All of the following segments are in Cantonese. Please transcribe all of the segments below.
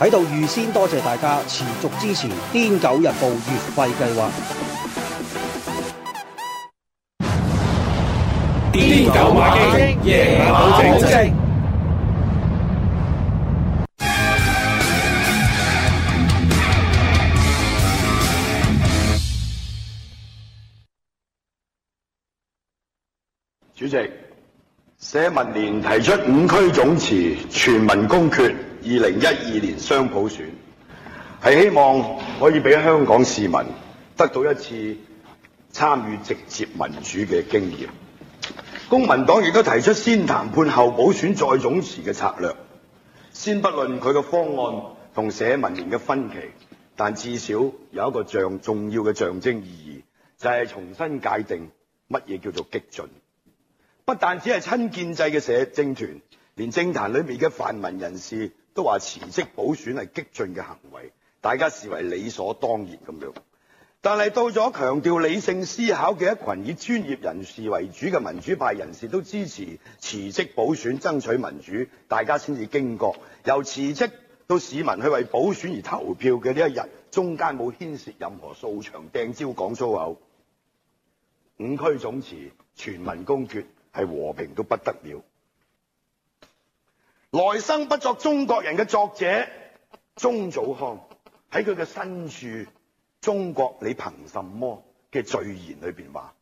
喺度預先多謝大家持續支持《癲狗日報》月費計劃。癲狗買機，爺馬保證。主席，社民連提出五區總辭，全民公決。二零一二年雙普選係希望可以俾香港市民得到一次參與直接民主嘅經驗。公民黨亦都提出先談判、後補選、再總辭嘅策略。先不論佢嘅方案同社民連嘅分歧，但至少有一個象重要嘅象徵意義，就係、是、重新界定乜嘢叫做激進。不但只係親建制嘅社政團，連政壇裏面嘅泛民人士，都話辭職補選係激進嘅行為，大家視為理所當然咁樣。但係到咗強調理性思考嘅一群以專業人士為主嘅民主派人士，都支持辭職補選，爭取民主，大家先至驚覺，由辭職到市民去為補選而投票嘅呢一日，中間冇牽涉任何數場掟蕉、講粗口、五區總辭、全民公決，係和平都不得了。來生不作中國人嘅作者鍾祖康喺佢嘅新書《中國你憑什麼》嘅序言裏邊話：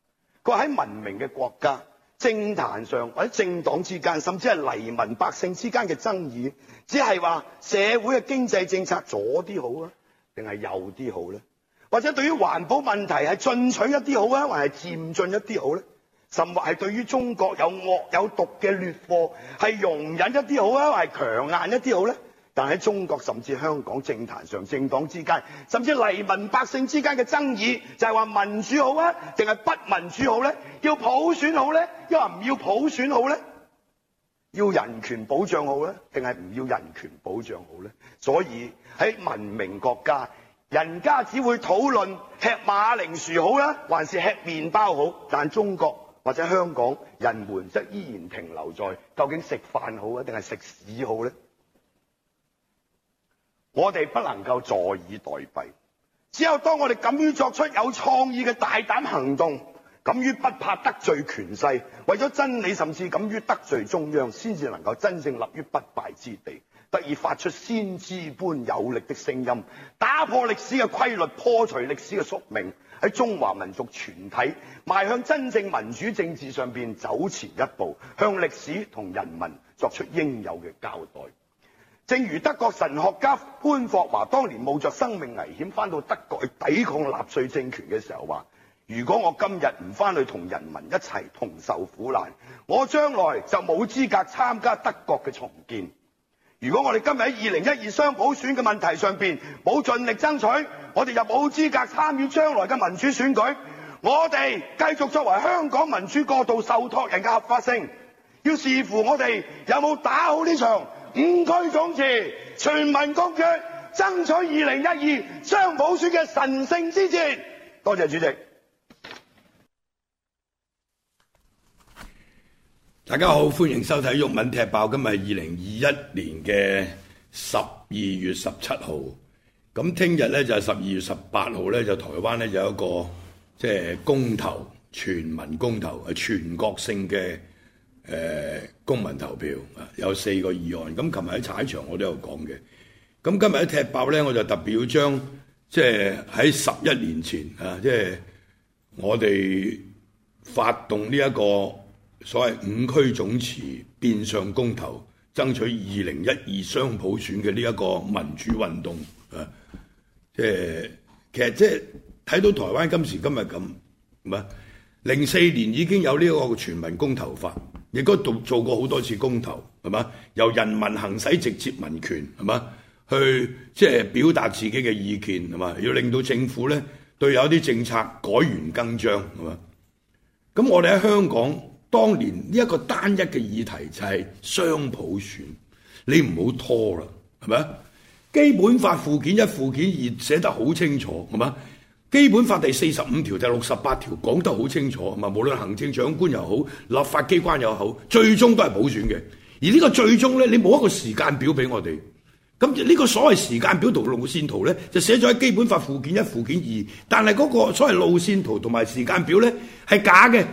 佢喺文明嘅國家政壇上或者政黨之間，甚至係黎民百姓之間嘅爭議，只係話社會嘅經濟政策左啲好啊，定係右啲好咧？或者對於環保問題係進取一啲好啊，還係漸進一啲好咧？甚或係對於中國有惡有毒嘅劣貨，係容忍一啲好或係強硬一啲好咧。但喺中國甚至香港政壇上、政黨之間，甚至黎民百姓之間嘅爭議，就係話民主好啊，定係不民主好咧？要普選好咧，抑或唔要普選好咧？要人權保障好咧，定係唔要人權保障好咧？所以喺文明國家，人家只會討論吃馬鈴薯好啦，還是吃麵包好，但中國，或者香港人們則依然停留在究竟食飯好啊，定係食屎好呢？我哋不能夠坐以待斃。只有當我哋敢於作出有創意嘅大膽行動，敢於不怕得罪權勢，為咗真理，甚至敢於得罪中央，先至能夠真正立於不敗之地。得以發出先知般有力的聲音，打破歷史嘅規律，破除歷史嘅宿命，喺中華民族全體邁向真正民主政治上邊走前一步，向歷史同人民作出應有嘅交代。正如德國神學家潘霍華當年冒着生命危險返到德國去抵抗納粹政權嘅時候話：「如果我今日唔返去同人民一齊同受苦難，我將來就冇資格參加德國嘅重建。」如果我哋今日喺二零一二雙普選嘅問題上面冇盡力爭取，我哋又冇資格參與將來嘅民主選舉。我哋繼續作為香港民主過渡受託人嘅合法性，要視乎我哋有冇打好呢場五區總辭全民公決，爭取二零一二雙普選嘅神聖之戰。多謝主席。大家好，歡迎收睇《毓民踢爆》。今日係二零二一年嘅十二月十七號。咁聽日咧就係十二月十八號咧，就台灣咧就有一個即係、就是、公投，全民公投，係全國性嘅誒、呃、公民投票。有四個議案。咁琴日喺踩場我都有講嘅。咁今日喺踢爆咧，我就特別要將即係喺十一年前啊，即、就、係、是、我哋發動呢、這、一個。所謂五區總辭變相公投，爭取二零一二雙普選嘅呢一個民主運動，誒，即係其實即係睇到台灣今時今日咁，係嘛？零四年已經有呢一個全民公投法，亦都做做過好多次公投，係嘛？由人民行使直接民權，係嘛？去即係表達自己嘅意見，係嘛？要令到政府咧對有啲政策改弦更張，係嘛？咁我哋喺香港。當年呢一個單一嘅議題就係雙普選，你唔好拖啦，係咪？基本法附件一、附件二寫得好清楚，係咪？基本法第四十五條、第六十八條講得好清楚，係咪？無論行政長官又好、立法機關又好，最終都係普選嘅。而呢個最終呢，你冇一個時間表俾我哋，咁呢個所謂時間表同路線圖呢，就寫咗喺基本法附件一、附件二，但係嗰個所謂路線圖同埋時間表呢，係假嘅。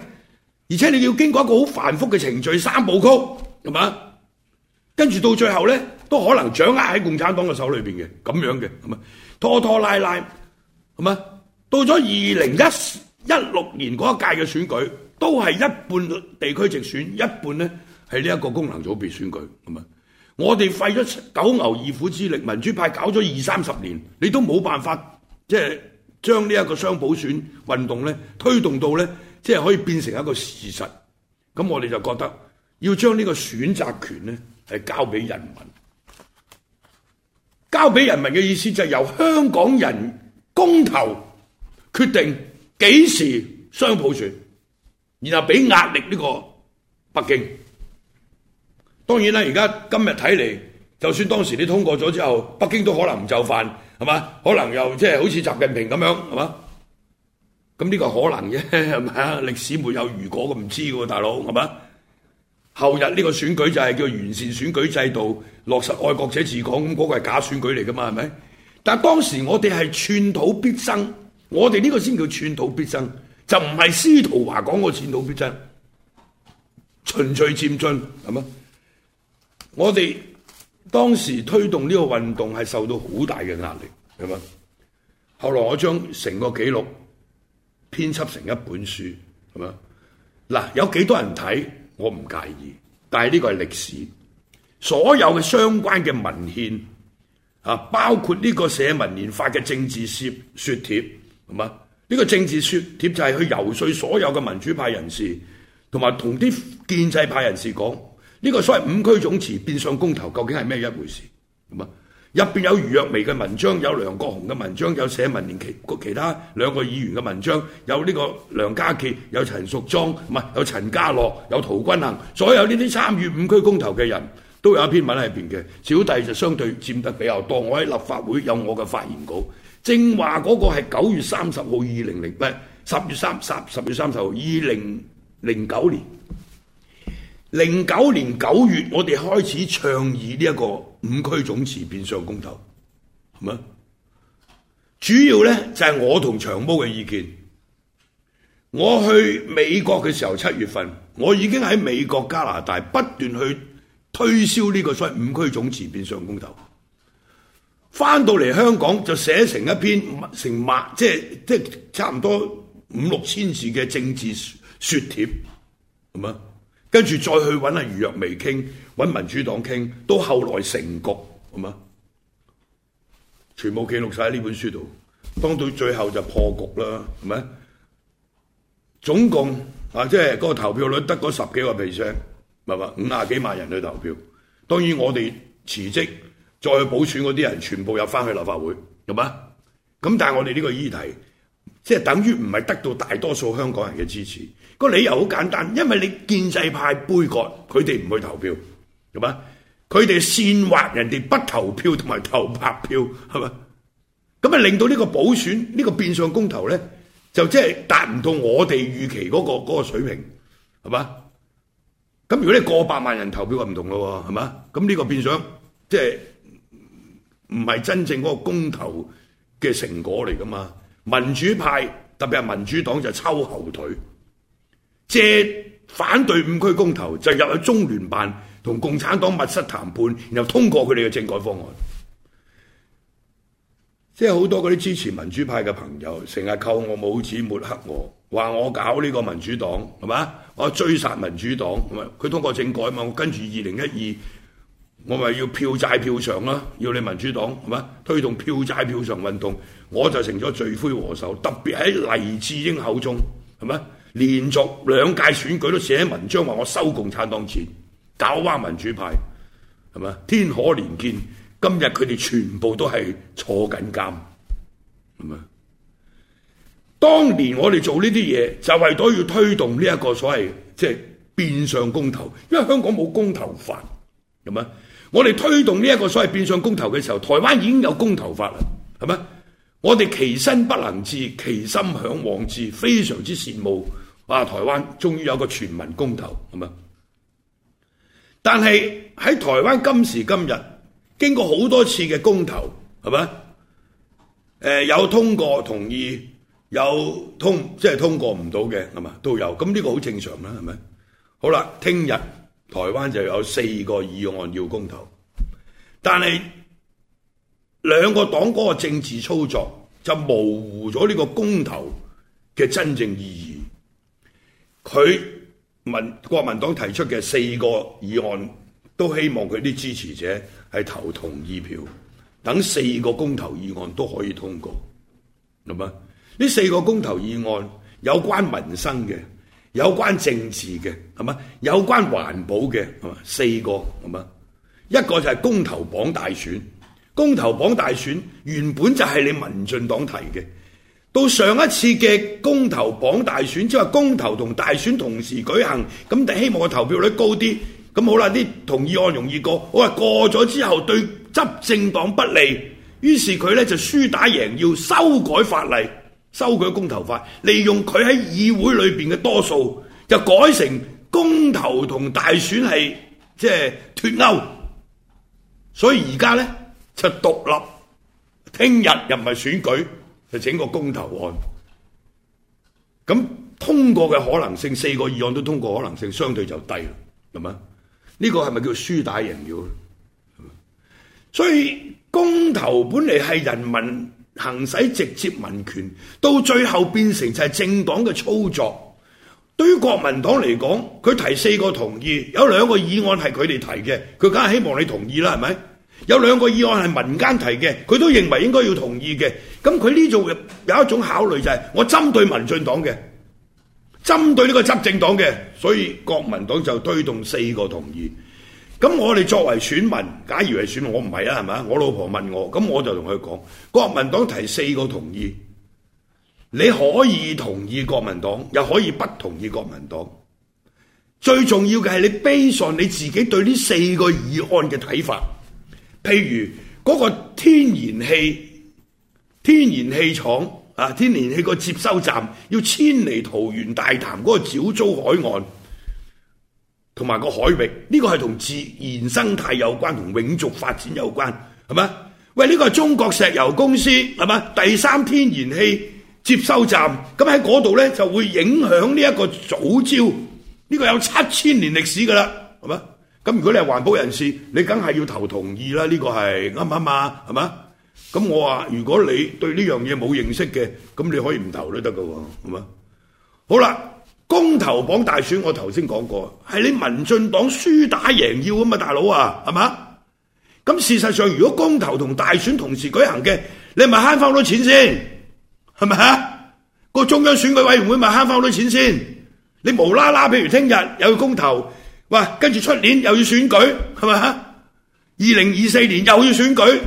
而且你要經過一個好繁複嘅程序，三步曲，係嘛？跟住到最後咧，都可能掌握喺共產黨嘅手裏邊嘅，咁樣嘅，係嘛，拖拖拉拉，係嘛？到咗二零一一六年嗰一屆嘅選舉，都係一半地區直選，一半咧係呢一個功能組別選舉，係嘛？我哋費咗九牛二虎之力，民主派搞咗二三十年，你都冇辦法即係將呢一個雙普選運動咧推動到咧。即係可以變成一個事實，咁我哋就覺得要將呢個選擇權咧係交俾人民，交俾人民嘅意思就係由香港人公投決定幾時雙普選，然後俾壓力呢個北京。當然啦，而家今日睇嚟，就算當時你通過咗之後，北京都可能唔就範，係嘛？可能又即係、就是、好似習近平咁樣，係嘛？咁呢個可能啫，係嘛？歷史沒有如果，咁唔知嘅喎，大佬係嘛？後日呢個選舉就係叫完善選舉制度，落實愛國者治港，咁、那、嗰個係假選舉嚟嘅嘛，係咪？但當時我哋係寸土必爭，我哋呢個先叫寸土必爭，就唔係司徒華講嘅寸土必爭，循序漸進係嘛？我哋當時推動呢個運動係受到好大嘅壓力，係嘛？後來我將成個記錄，編輯成一本書，係嘛？嗱、啊，有幾多人睇我唔介意，但係呢個係歷史，所有嘅相關嘅文獻啊，包括呢、呢個社民連發嘅政治説説帖，係嘛？呢、呢個政治説帖就係去游說所有嘅民主派人士，同埋同啲建制派人士講，呢、呢個所謂五區總辭變相公投，究竟係咩一回事？係嘛？入邊有余若薇嘅文章，有梁國雄嘅文章，有社民連其其他兩個議員嘅文章，有呢個梁家傑，有陳淑莊，唔係有陳家洛，有陶君行，所有呢啲參與五區公投嘅人都有一篇文喺入邊嘅。小弟就相對佔得比較多，我喺立法會有我嘅發言稿，正話嗰個係九月三十號二零零唔係十月三十十月三十號二零零九年。零九年九月，我哋開始倡議呢一個五區總辭變相公投，係咪？主要呢，就係、是、我同長毛嘅意見。我去美國嘅時候，七月份我已經喺美國加拿大不斷去推銷呢個所謂五區總辭變相公投。翻到嚟香港就寫成一篇成萬即係即差唔多五六千字嘅政治說、說帖，係咪？跟住再去揾阿余若薇傾，揾民主黨傾，都後來成局係嘛，全部記錄晒喺呢本書度。當到最後就破局啦，係咪？總共啊，即係嗰個投票率得嗰十幾個 percent，咪咪五廿幾萬人去投票。當然我哋辭職再去補選嗰啲人，全部入翻去立法會，係嘛？咁但係我哋呢個議題。即係等於唔係得到大多數香港人嘅支持，個理由好簡單，因為你建制派杯葛，佢哋唔去投票，係嘛？佢哋煽惑人哋不投票同埋投白票，係嘛？咁啊令到呢個補選、呢、呢個變相公投咧，就即係達唔到我哋預期嗰、嗰個水平，係嘛？咁如果你過百萬人投票就唔同咯，係嘛？咁呢個變相即係唔係真正嗰個公投嘅成果嚟噶嘛？民主派特別係民主黨就抽後腿，借反對五區公投就入去中聯辦同共產黨密室談判，然後通過佢哋嘅政改方案。即係好多嗰啲支持民主派嘅朋友，成日扣我帽子抹黑我，話我搞呢個民主黨係嘛？我追殺民主黨，係咪？佢通過政改嘛？我跟住二零一二。我咪要票債票償啦，要你民主黨係咪推動票債票償運動？我就成咗罪魁禍首。特別喺黎智英口中係咪？連續兩屆選舉都寫文章話我收共產黨錢，搞壞民主派係咪？天可憐見，今日佢哋全部都係坐緊監係咪？當年我哋做呢啲嘢，就係都要推動呢一個所謂即係、就是、變相公投，因為香港冇公投法。係咪？我哋推動呢一個所謂變相公投嘅時候，台灣已經有公投法啦，係咪？我哋其身不能至，其心向往之，非常之羨慕啊！台灣終於有個全民公投，係咪？但係喺台灣今時今日，經過好多次嘅公投，係咪？誒、呃、有通過同意，有通即係通過唔到嘅，係咪都有？咁呢個好正常啦，係咪？好啦，聽日。台灣就有四個議案要公投，但係兩個黨嗰個政治操作就模糊咗呢個公投嘅真正意義。佢民國民黨提出嘅四個議案，都希望佢啲支持者係投同意票，等四個公投議案都可以通過。咁啊，呢四個公投議案有關民生嘅。有關政治嘅，有關環保嘅，四個是，一個就係公投榜大選。公投榜大選原本就係你民進黨提嘅，到上一次嘅公投榜大選之，即係公投同大選同時舉行，咁就希望個投票率高啲，咁好啦，啲同意案容易過。我話過咗之後對執政黨不利，於是佢呢就輸打贏，要修改法例。收佢公投法，利用佢喺議會裏邊嘅多數，就改成公投同大選，係即係脫鈎，所以而家呢，就獨立，聽日又唔係選舉，就整個公投案，咁通過嘅可能性，四個議案都通過可能性相對就低啦，係嘛？呢、呢個係咪叫輸打贏要咧？所以公投本嚟係人民。行使直接民權，到最後變成就係政黨嘅操作。對於國民黨嚟講，佢提四個同意，有兩個議案係佢哋提嘅，佢梗係希望你同意啦，係咪？有兩個議案係民間提嘅，佢都認為應該要同意嘅。咁佢呢度有一種考慮就係、是，我針對民進黨嘅，針對呢個執政黨嘅，所以國民黨就推動四個同意。咁我哋作為選民，假如係選民我唔係啦，係嘛？我老婆問我，咁我就同佢講，國民黨提四個同意，你可以同意國民黨，又可以不同意國民黨。最重要嘅係你 based on 你自己對呢四個議案嘅睇法，譬如嗰、那個天然氣天然氣廠啊，天然氣個接收站要遷離桃園大潭嗰個藻礁海岸。同埋個海域，呢個係同自然生態有關，同永續發展有關，係咪？喂，呢個係中國石油公司，係咪？第三天然氣接收站，咁喺嗰度呢，就會影響呢一個藻礁，呢個有七千年歷史噶啦，係咪？咁如果你係環保人士，你梗係要投同意啦，呢個係啱唔啱啊？係咪？咁我話如果你對呢樣嘢冇認識嘅，咁你可以唔投都得噶喎，係咪？好啦。公投綁大選，我頭先講過，係你民進黨輸打贏要吖嘛大佬啊，係嘛？咁事實上，如果公投同大選同時舉行嘅，你咪慳翻好多錢先，係咪啊？個中央選舉委員會咪慳翻好多錢先？你無啦啦，譬如聽日又要公投，喂，跟住出年又要選舉，係咪啊？二零二四年又要選舉，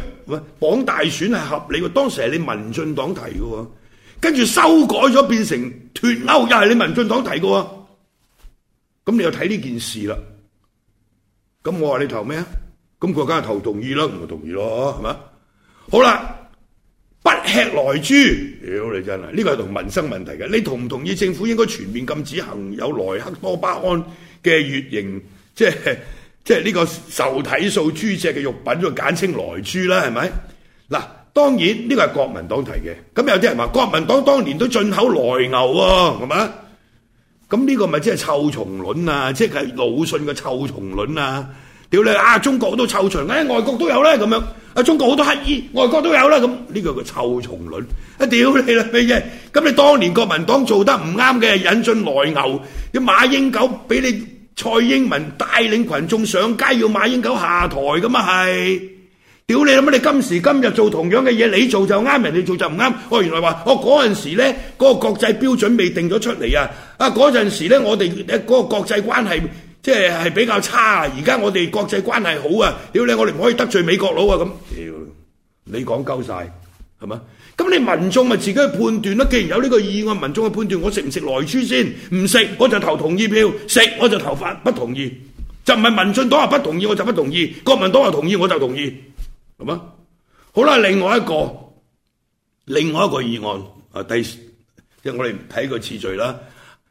綁大選係合理嘅，當時係你民進黨提嘅。跟住修改咗，變成脫鉤，又係你民進黨提嘅喎。咁你又睇呢件事啦。咁我話你投咩啊？咁佢梗係投同意啦，唔同意咯，係咪？好啦，不吃萊豬，屌你真係，呢個係同民生問題嘅。你同唔同意政府應該全面禁止行有萊克多巴胺嘅乙型，即係即係呢個受體素豬隻嘅肉品，就簡稱萊豬啦，係咪？嗱。當然呢個係國民黨提嘅，咁有啲人話國民黨當年都進口萊牛啊，係咪？咁呢個咪即係臭蟲卵啊！即係魯迅嘅臭蟲卵啊！屌你啊！中國都臭蟲咧、哎，外國都有啦咁樣。啊，中國好多乞兒，外國都有啦咁。呢個個臭蟲卵啊！屌你啦咩嘢？咁、啊、你，你當年國民黨做得唔啱嘅，引進萊牛要馬英九俾你蔡英文帶領群眾上街要馬英九下台咁啊係。屌你諗乜？你今時今日做同樣嘅嘢，你做就啱，人哋做就唔啱。哦，原來話，哦嗰陣時咧，嗰個國際標準未定咗出嚟啊。啊嗰陣時咧，我哋嗰個國際關係即係係比較差啊。而家我哋國際關係好啊。屌你，我哋唔可以得罪美國佬啊咁。屌，你講鳩晒係嘛？咁你民眾咪自己去判斷咯。既然有呢個議案，我民眾去判斷，我食唔食萊豬先？唔食，我就投同意票；食，我就投法不同意。就唔係民進黨話不同意，我就不同意；國民黨話同意，我就同意。咁啊，好啦，另外一個另外一個議案啊，第即係我哋睇個次序啦，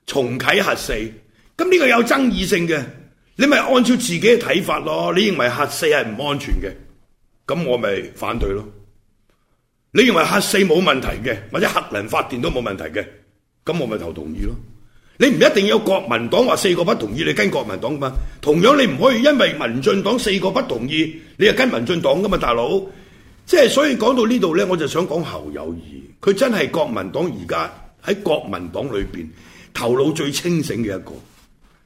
重啟核四，咁、這、呢個有爭議性嘅，你咪按照自己嘅睇法咯，你認為核四係唔安全嘅，咁我咪反對咯，你認為核四冇問題嘅，或者核能發電都冇問題嘅，咁我咪投同意咯。你唔一定要有國民黨話四個不同意，你跟國民黨嘛？同樣你唔可以因為民進黨四個不同意，你又跟民進黨噶嘛？大佬，即係所以講到呢度呢，我就想講侯友宜，佢真係國民黨而家喺國民黨裏邊頭腦最清醒嘅一個。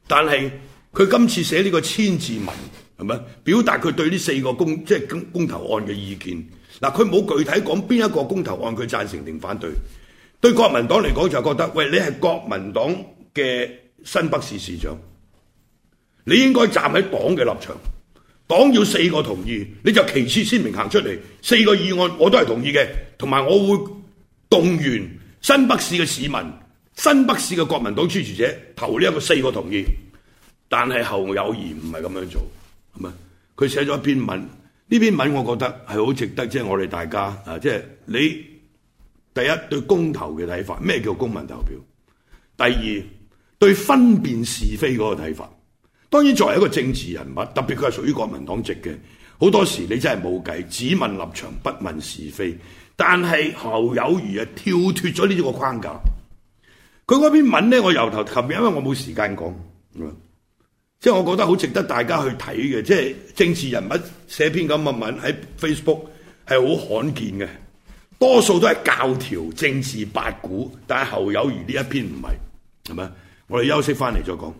但係佢今次寫呢個千字文係咪？表達佢對呢四個公即係、即係、公公、公投案嘅意見。嗱，佢冇具體講邊一個公投案佢贊成定反對。對國民黨嚟講就覺得，喂，你係國民黨。嘅新北市市長，你應該站喺黨嘅立場，黨要四個同意，你就旗幟鮮明行出嚟。四個議案我，我都係同意嘅，同埋我會動員新北市嘅市民，新北市嘅國民黨支持者投呢一個四個同意。但係侯友宜唔係咁樣做，係咪？佢寫咗一篇文，呢篇文我覺得係好值得，即係我哋大家啊，即係你第一對公投嘅睇法，咩叫公民投票？第二。對分辨是非嗰個睇法，當然作為一個政治人物，特別佢係屬於國民黨籍嘅，好多時你真係冇計，只問立場，不問是非。但係侯友如啊，跳脫咗呢個框架，佢嗰篇文呢，我由頭及尾，因為我冇時間講，即係、就是、我覺得好值得大家去睇嘅，即、就、係、是、政治人物寫篇咁嘅文喺 Facebook 係好罕見嘅，多數都係教條政治八股，但係侯友宜呢一篇唔係，係咪？我哋休息翻嚟再講。